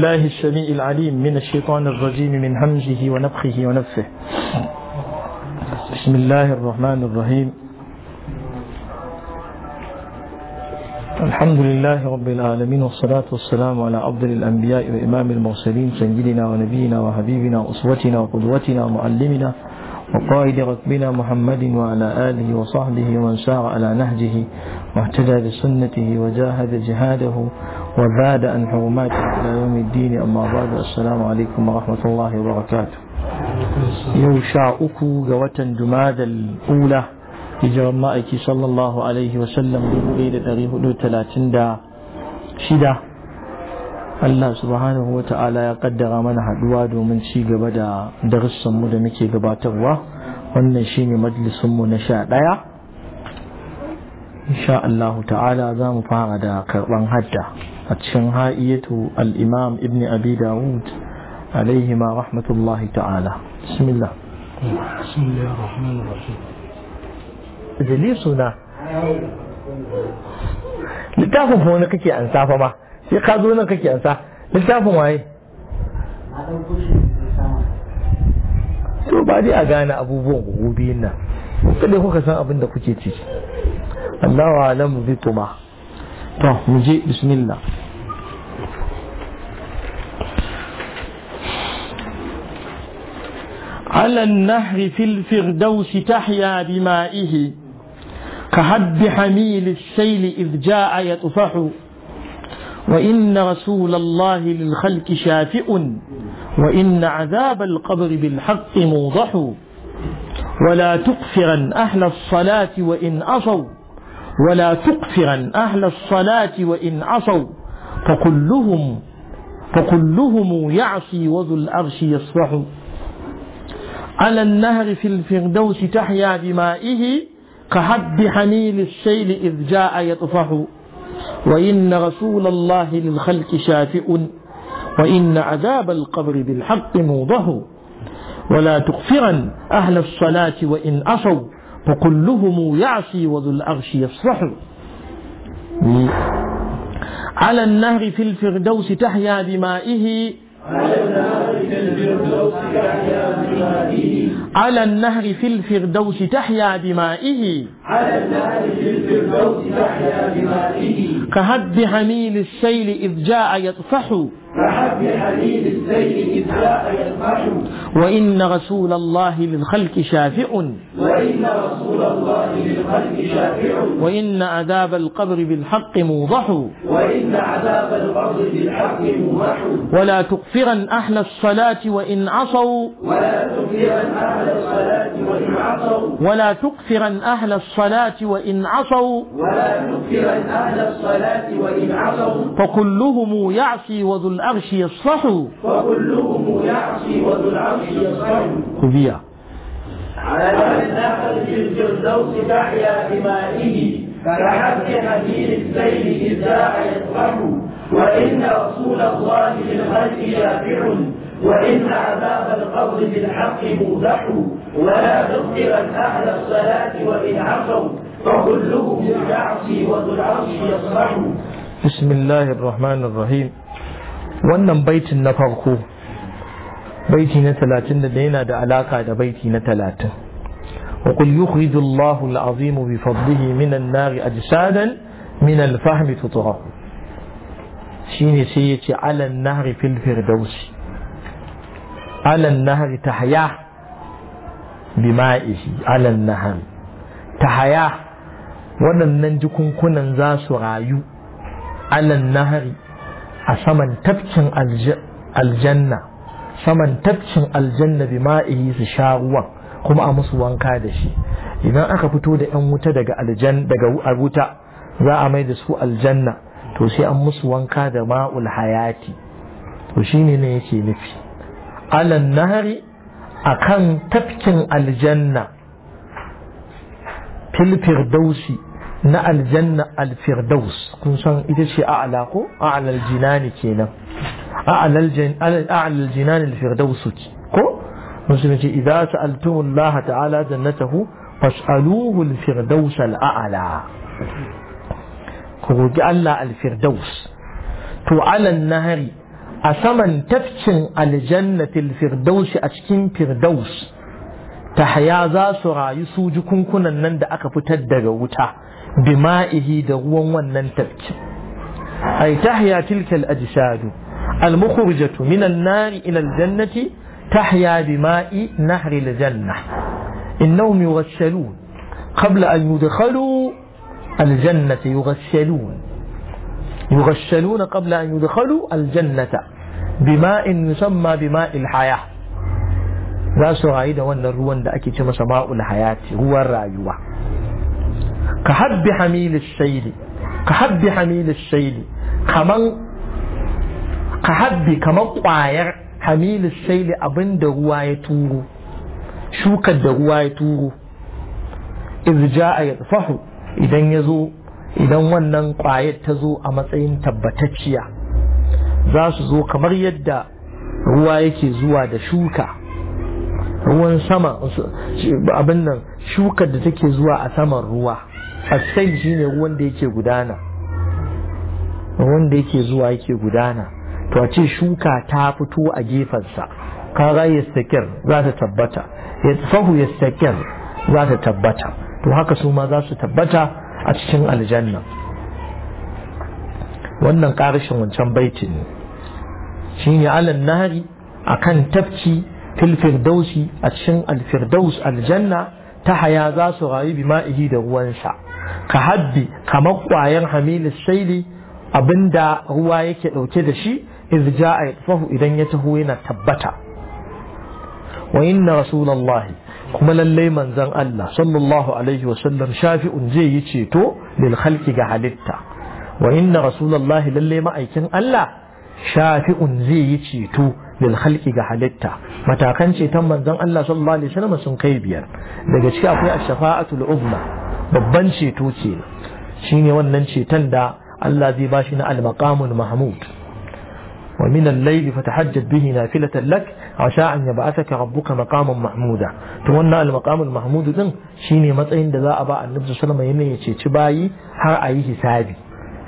بالله السميع العليم من الشيطان الرجيم من همزه ونفخه ونفه بسم الله الرحمن الرحيم الحمد لله رب العالمين والصلاة والسلام على أفضل الأنبياء وإمام المرسلين سيدنا ونبينا وحبيبنا وأسوتنا وقدوتنا ومعلمنا وقائد ركبنا محمد وعلى آله وصحبه ومن سار على نهجه واهتدى بسنته وجاهد جهاده وزاد أن حرماته إلى يوم الدين أما بعد السلام عليكم ورحمة الله وبركاته يوشع أكو جوة جماد الأولى hijiran ma'aiki صلى الله عليه وسلم ɗaya da ɗari hudu talatin Allah subhanahu wa ta'ala ya kaddara mana haduwa domin ci gaba da darussanmu da muke gabatarwa wannan shine majalisunmu na sha ɗaya insha Allah ta'ala za mu fara da karɓan hadda a cikin ha'iyatu al-imam ibn abi dawud alaihi ma rahmatullahi ta'ala bismillah bismillahir rahmanir rahim suna littafin wani kake an safa ma sai ka zo nan kake ansa littafin waye to ba dai a gane abubuwan gobe nan kada kuka san abin da kuke ci Allahu alam bi tuma to mu je bismillah على النهر في الفردوس تحيا بمائه كهب حميل السيل إذ جاء يطفح وإن رسول الله للخلق شافئ وإن عذاب القبر بالحق موضح ولا تقفرا أهل الصلاة وإن عصوا ولا تقفرا أهل الصلاة وإن عصوا فكلهم فكلهم يعصي وذو العرش يصفح على النهر في الفردوس تحيا بمائه كحب حنين السيل إذ جاء يطفح وإن رسول الله للخلق شافئ وإن عذاب القبر بالحق موضه ولا تغفرا أهل الصلاة وإن أصوا فكلهم يعصي وذو العرش يفصح على النهر في الفردوس تحيا بمائه على النهر في الفردوس تحيا بمائه على النهر في الفردوس تحيا بمائه كهد حميل السيل إذ جاء يطفح أحب حليل الزين إذ يلمح وإن رسول الله للخلق شافع وإن رسول الله للخلق شافع وإن عذاب القبر بالحق موضح وإن عذاب القبر بالحق موضح ولا تكفرن أهل الصلاة وإن عصوا ولا تكفرن أهل الصلاة وإن عصوا ولا تكفرن أهل الصلاة وإن عصوا ولا تكفرن أهل الصلاة وإن عصوا فكلهم يعصي وذو الأمر العرش يصفح فكلهم يعصي وذو العرش يصفح خذيا على من في الفردوس تحيا بمائه كحب حديد السيل إذا يصفح وإن رسول الله للخلق يافع وإن عذاب القبر بالحق موضح ولا تخبرا أهل الصلاة وإن عصوا فكلهم يعصي وذو العرش يصفح بسم الله الرحمن الرحيم wannan baitin na farko baiti na talatin da yana da alaka da baiti na talatin وقل يخرج الله العظيم بفضله من النار أجسادا من الفهم تطرأ شيني سيتي على النهر في الفردوس على النهر تحيا بمائه على النهر تحيا وننجكم كنا زاس على النهر a saman tafkin aljanna saman tafkin aljanna bi ma'ihi su sha ruwan kuma a musu wanka da shi idan aka fito da yan wuta daga aljan daga wuta za a mai da su aljanna to sai an musu wanka da ma'ul hayati to shine ne yake nufi alan nahari akan tafkin aljanna fil firdausi na aljanna alfirdaus kun san ita ce a'la ko a'la aljinani kenan a'la aljinani alfirdaus ko musulmi ce idza sa'altum Allah ta'ala jannatahu fas'aluhu alfirdaus al'ala ko roki Allah alfirdaus to alan nahari a saman tafcin aljannatil firdaus a cikin firdaus haya za su rayu su jukunkunan nan da aka fitar daga wuta bima'ihi da ruwan wannan tafki ay tahya tilka al-ajsadu al-mukhrijatu min an-nar ila al-jannati tahya bima'i nahri al-janna innahum yughassalun qabla an yudkhalu al-jannata yughassalun yughassaluna qabla an yudkhalu al-jannata bima'in yusamma bima'il hayah za su rayu da wannan ruwan da ake ce masa ma'ul hayati ruwan rayuwa ka habbi hamilis shaili ka habbi hamilis shaili kaman ka habbi kaman kwayar hamilis shaili abin da ruwa ya turo shukar da ruwa ya turo idza a ya idan yazo idan wannan kwayar ta zo a matsayin tabbatacciya za su zo kamar yadda ruwa yake zuwa da shuka ruwan sama abin nan shukar da take zuwa a saman ruwa a shi shine ruwan da yake gudana ruwan da yake zuwa yake gudana to a ce shuka ta fito a gefensa ya stakir za ta tabbata Ya ya stakir za ta tabbata to haka su ma za su tabbata a cikin aljanna wannan karishin wancan baitin ne shine alan nahari kan tafki fil firdausi a cikin alfirdaus aljanna ta haya za su rayu bi ma'ihi da ruwansa ka habbi kamar ƙwayan hamilis shaili abinda ruwa yake ɗauke da shi iz ja'a yatfahu idan ya taho yana tabbata wa inna rasulullahi kuma lallai manzon Allah sallallahu alaihi wa sallam shafi'un zai yi ceto lil khalqi ga halitta wa inna rasulullahi lallai ma'aikin Allah shafi'un zai yi ceto lil khalqi ga halitta matakan ceton manzon Allah sallallahu alaihi wasallam sun kai biyar daga ciki akwai ash-shafa'atul uzma babban ceto ce shine wannan ceton da Allah zai bashi na al-maqamul mahmud wa min al-layl fatahajjat bihi nafilatan lak asha an yab'athaka rabbuka maqaman mahmuda to wannan al-maqamul mahmud din shine matsayin da za a ba annabi sallallahu alaihi wasallam ya ceci bayi har a yi hisabi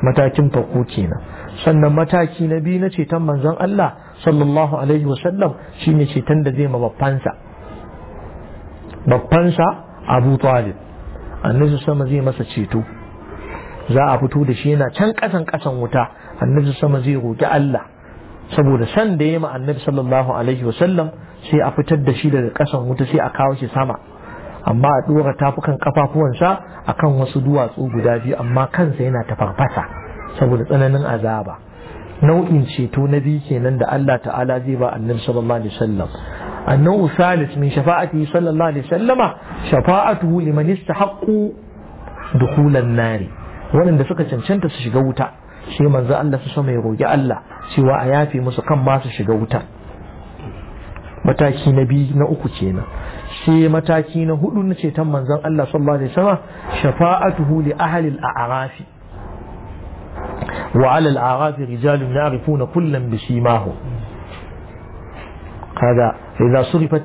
matakin farko kenan sannan mataki na biyu na ceton manzon Allah sallallahu alaihi wasallam shine ceton da zai ma babbansa babbansa abu talib annabi sama zai masa ceto za a fito da shi yana can kasan kasan wuta annabi sama zai roki Allah saboda san da ya ma annabi sallallahu alaihi wasallam sai a fitar da shi daga kasan wuta sai a kawo shi sama amma a dora tafukan kafafuwansa akan wasu duwatsu guda biyu amma kansa yana tafarfasa saboda tsananin azaba nau'in ceto na biyu kenan da Allah ta'ala zai ba annabi sallallahu alaihi wasallam annahu salis min shafa'ati sallallahu alaihi wasallama shafa'atuhu liman istahaqqu dukhulan nari waɗanda suka cancanta su shiga wuta sai manzo Allah su sama ya roki Allah cewa a yafe musu kan ma su shiga wuta mataki na biyu na uku kenan sai mataki na hudu na ceton manzon Allah sallallahu alaihi wasallam shafa'atuhu li ahli al-a'rafi وعلى الأعراف رجال يعرفون كلا بسيماهم هذا إذا صرفت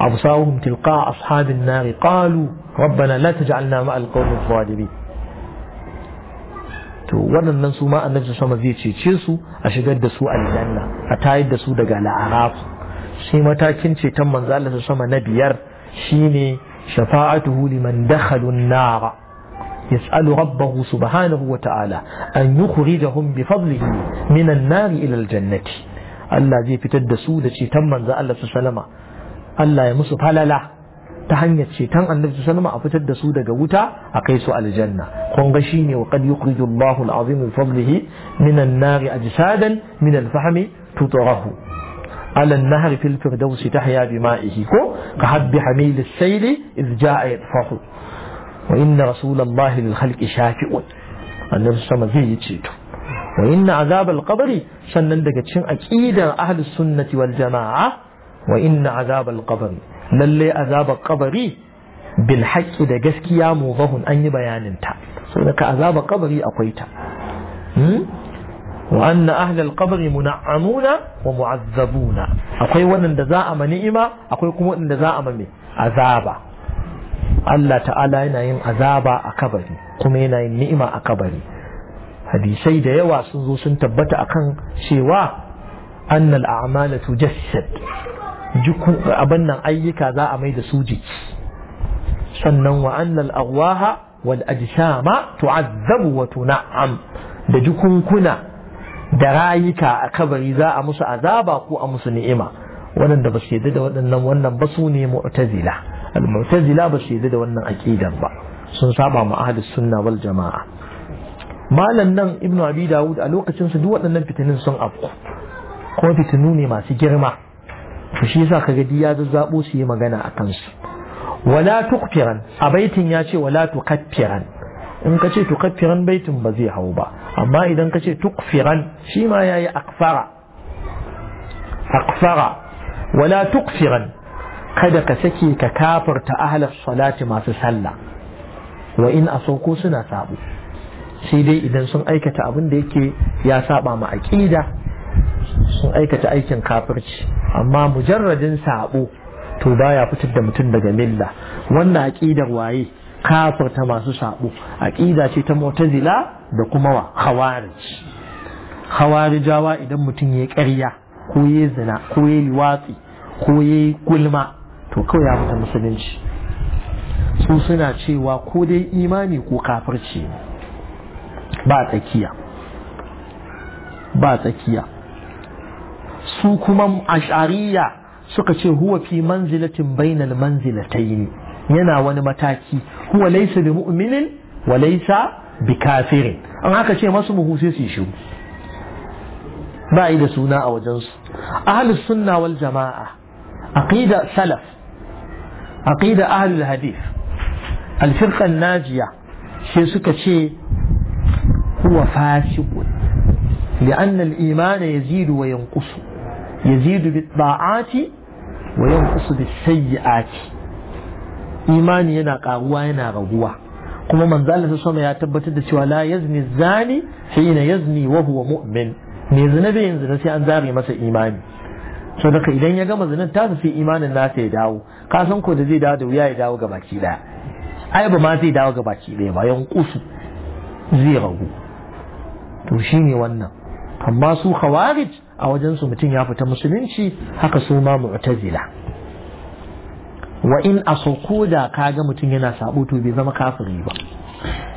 أبصارهم تلقاء أصحاب النار قالوا ربنا لا تجعلنا مع القوم الظالمين to waɗannan su ma annabi sama zai cece su a shigar da su aljanna a tayar da su daga la'araf sai matakin ceton manzo Allah sama na biyar shine shafa'atuhu liman dakhalu nara يسأل ربه سبحانه وتعالى أن يخرجهم بفضله من النار إلى الجنة الله زي في تدسولة تمن ذا الله سلم الله يمسو فلالا تهنية شيطان أن نفس سلم أفتد سودة قوتا أقيسو على الجنة قنغشيني وقد يخرج الله العظيم بفضله من النار أجسادا من الفحم تطره على النهر في الفردوس تحيا بمائه كو قهب بحميل السيل إذ جاء يطفه wa inna rasulullahi lil khalqi shafi'un annabi sama zai yi ceto wa inna azabal qabri sannan daga cikin aqidar ahlus sunnati wal jamaa wa inna azabal qabri lalle azabal qabri bil haqqi da gaskiya mubahun an yi bayanin ta saboda ka azabal qabri akwai ta hmm? wa anna ahlal qabri mun'amuna wa mu'azzabuna akwai da za a ma ni'ima akwai kuma da za a ma azaba Allah ta'ala yana yin azaba a kabari kuma yana yin ni'ima a kabari hadisai da yawa sun zo sun tabbata akan cewa annal a'mala tujassad abin nan ayyuka za a mai da su jiki sannan wa annal agwaha wal ajsama tu'azzabu wa tun'am da jukunkuna da rayuka a kabari za a musu azaba ko a musu ni'ima waɗanda ba su yadda da waɗannan wannan ba su ne mu'tazila al-mu'tazila ba su da wannan aqidar ba sun saba ma ahlus sunna wal jama'a malan nan ibn abi dawud a lokacin su duk waɗannan fitinin sun afku ko fitinu ne masu girma to shi yasa kaga diya da zabo su yi magana a kansu wala tukfiran a baitin ya ce wala tukaffiran in ka ce tukaffiran baitin ba zai hau ba amma idan ka ce tukfiran shi ma yayi akfara akfara wala tukfiran kada ka sake ka kafarta ahlus salati masu sallah wa in sauko suna saɓo, sai dai idan sun aikata abin da yake ya saba ma aqida sun aikata aikin kafirci amma mujarradin sabo to baya fitar da mutum daga milla wannan aqidar waye kafirta masu sabo aqida ce ta mu'tazila da kuma wa khawarij khawarijawa idan mutum ya karya, ko ya zina ko ya liwatsi ko ya gulma to kawai ya fita musulunci su suna cewa ko dai imani ko kafirci ba tsakiya ba tsakiya su kuma ashariya suka ce huwa fi manzilatin bainal manzilatayn yana wani mataki huwa laysa bi mu'minin wa laysa bi kafirin an haka ce masu muhu sai su shi ba da suna a wajensu ahlus sunna wal jama'a aqida salaf عقيدة أهل الحديث الفرقة الناجية شيء سكة هو فاسق لأن الإيمان يزيد وينقص يزيد بالطاعات وينقص بالسيئات إيمان ينقى قاوة غبوة كما من Allah sama ya tabbatar da cewa la yazni zani hina yazni wa huwa mu'min me zina bai so daga idan ya gama zinin ta sai imanin nasa ya dawo kasan ko da zai dawo da wuya ya dawo ga baki daya ai ba ma zai dawo ga baki daya ba yan zai ragu to shi ne wannan amma su khawarij a wajen su mutum ya fita musulunci haka su ma mu'tazila wa in sauko da kaga mutum yana sabo to bai zama kafiri ba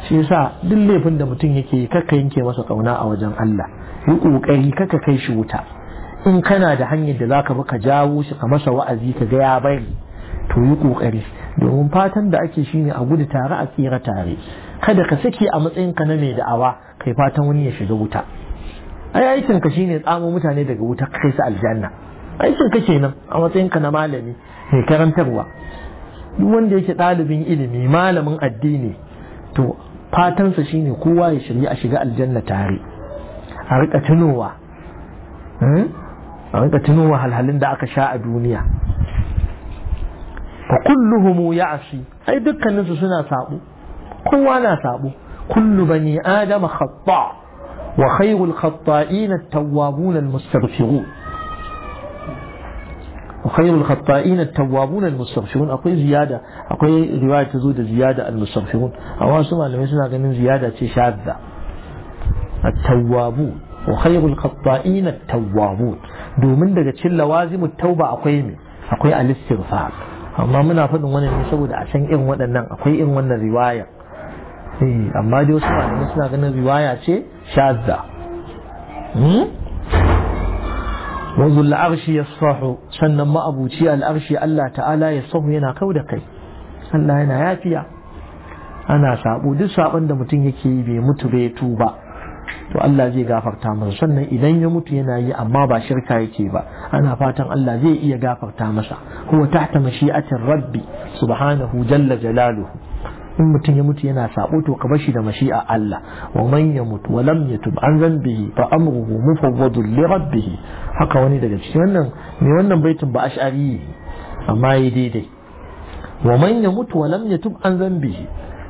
shi yasa duk laifin da mutum yake yi kakka yanke masa kauna a wajen Allah yi kokari kakka kai shi wuta in kana da hanyar da za zaka ka jawo shi ka masa wa'azi ka gaya ya bari to yi kokari domin fatan da ake shine a gudu tare a tsira tare kada ka saki a matsayin ka na mai da'awa kai fatan wani ya shiga wuta ai aikin ka shine tsamo mutane daga wuta kai su aljanna aikin ka kenan a matsayin ka na malami mai karantarwa duk wanda yake ɗalibin ilimi malamin addini to fatansa shine kowa ya shirya a shiga aljanna tare a rika tunowa hmm? a rika tuno wahalhalin da aka sha a duniya fa kulluhum ya'si ai dukkanin su suna sabo kowa na sabo kullu bani adam khata wa khayrul khata'in at-tawwabun al-mustaghfirun wa khayrul khata'in at-tawwabun al-mustaghfirun akwai ziyada akwai riwaya ta zo da ziyada al-mustaghfirun amma su malamai suna ganin ziyada ce shadda at-tawwabun وخير الخطائين التوابون domin daga cikin lawazimu tauba akwai ne akwai alistighfar amma muna faɗin wani ne saboda a san irin waɗannan akwai irin wannan riwaya eh, amma dai wasu malamai suna ganin riwaya ce shazza hmm? wanzu al'arshi ya sahu sannan ma'abuci al'arshi Allah ta'ala ya sahu yana kau da kai Allah yana yafiya ana sabo duk sabon da mutum yake yi bai mutu bai tuba to Allah zai gafarta masa sannan idan ya mutu yana yi amma ba shirka yake ba ana fatan Allah zai iya gafarta masa huwa tahta mashi'atin rabbi subhanahu jalla jalaluhu in mutum ya mutu yana sabo to ka bashi da mashi'a Allah wa man yamut wa lam yatub an zambihi fa amruhu mufawwadun li rabbih haka wani daga cikin wannan me wannan baitin ba ash'ari amma yi daidai wa man yamut wa lam yatub an zambihi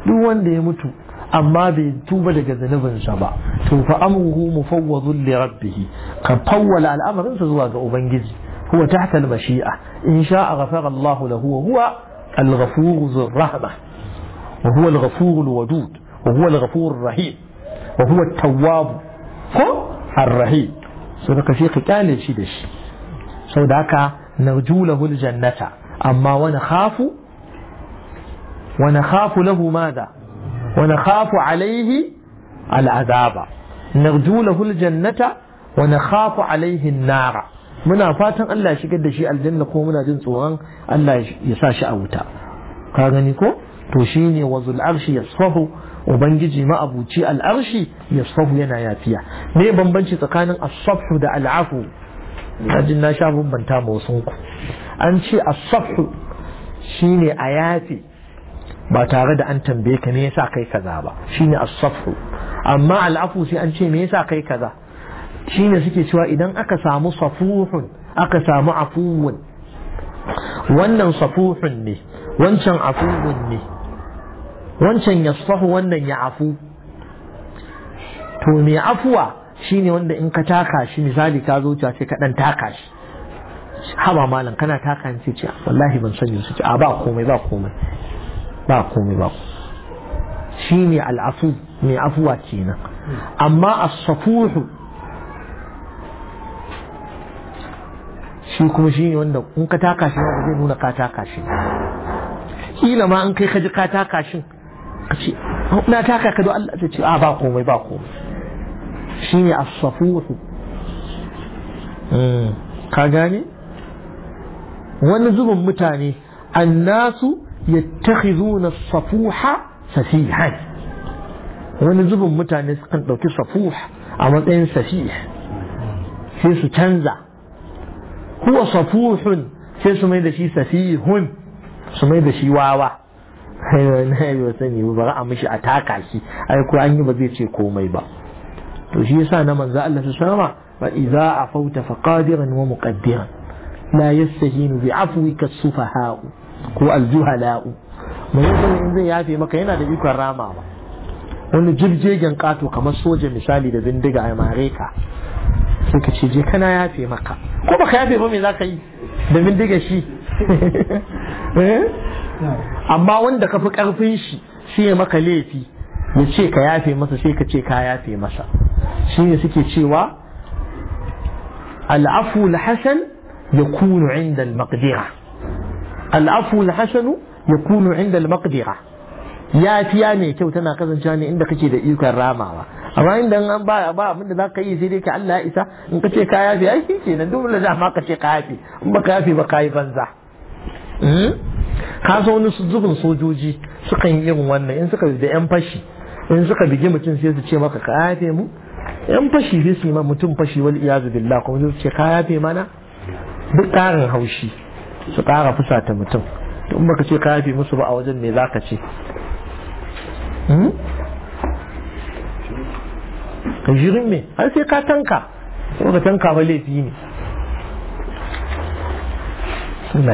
duk wanda ya mutu amma bai tuba daga zanubinsa ba to fa amruhu mufawwadun li rabbih ka fawwala sa zuwa ga ubangiji huwa tahta al-mashi'a in sha'a ghafara Allah lahu wa huwa al-ghafur dhur rahmah wa huwa al-ghafur al-wadud wa huwa al-ghafur ar-rahim wa huwa at-tawwab ko ar-rahim so da shi ka kyale shi da shi saboda haka narjulahu al-jannata amma wa nakhafu wa nakhafu lahu madha ونخاف عليه العذاب نرجو له الجنة ونخاف alaihin nara. Muna fatan Allah shigar da shi aljanna ko muna jin tsoron Allah yasa shi a wuta ka gani ko to shine wazul arshi yasfahu ubangiji ma'abuci al'arshi yasfahu yana yafiya me bambanci tsakanin as-safhu da al'afu kajin na sha bambanta ma wasunku an ce as-safhu shine a yafi ba tare da an tambaye ka me yasa kai kaza ba shine as-safu amma al'afu sai an ce me yasa kai kaza shine suke cewa idan aka samu safuhun aka samu afuwun wannan safuhun ne wancan afuwun ne wancan yasfahu wannan ya afu to me afuwa shine wanda in ka taka shi misali ka zo ce ka dan taka shi haba malam kana taka ni ce wallahi ban sani su ce a ba komai ba komai ba komai ba shi ne al'afu mai afuwa kenan amma as-safuhu shi kuma shi ne wanda in ka taka shi wanda zai nuna ka taka shi kila ma in kai ka ji ka taka shi ka ce na taka ka Allah ta ce a ah, ba komai ba komai shi ne as-safuhu hmm, ka gane wani zubin mutane annasu يتخذون الصفوح فسيحا wani zubin mutane sukan ɗauki safuh a matsayin safih sai su canza huwa safuhun sai su mai da shi safihun su mai da shi wawa na yi wasu ne ba a mishi a taka shi ai ko an yi ba zai ce komai ba to shi yasa na manzo Allah su sama fa idza afauta faqadiran wa muqaddiran la yastahinu bi afwika sufaha'u ko aljuhala'u mai yin in zai yafe maka yana da ikon rama ba wani jirjegen kato kamar soja misali da bindiga a mare ka sai ka ce je kana yafe maka ko baka yafe ba me za ka yi da bindiga shi eh? amma wanda ka fi karfin shi shi ya maka laifi ya ce ka yafe masa sai ka ce ka yafe masa shi ne suke cewa al'afu al-hasan yakunu inda al-maqdira al'afu al-hasanu yakunu inda al-maqdira yafiya mai kyau tana kasancewa ne inda kake da ikon ramawa amma inda an ba ba abin da zaka yi sai dai ka Allah isa in ka ce ka yafi ai kenan duk da dama ka ce ka yafi in ba ka ba ka yi banza ka so wani zubin sojoji sukan yi irin wannan in suka da yan fashi in suka mutum sai su ce maka ka yafe mu yan fashi sai su yi mutum fashi wal iyazu billah kuma sai su ce ka yafe mana duk ƙarin haushi su ƙara fusata mutum in baka ce ka fi musu ba a wajen me zaka ce hmm? ka jirin me har sai ka tanka ko ka tanka ba laifi ne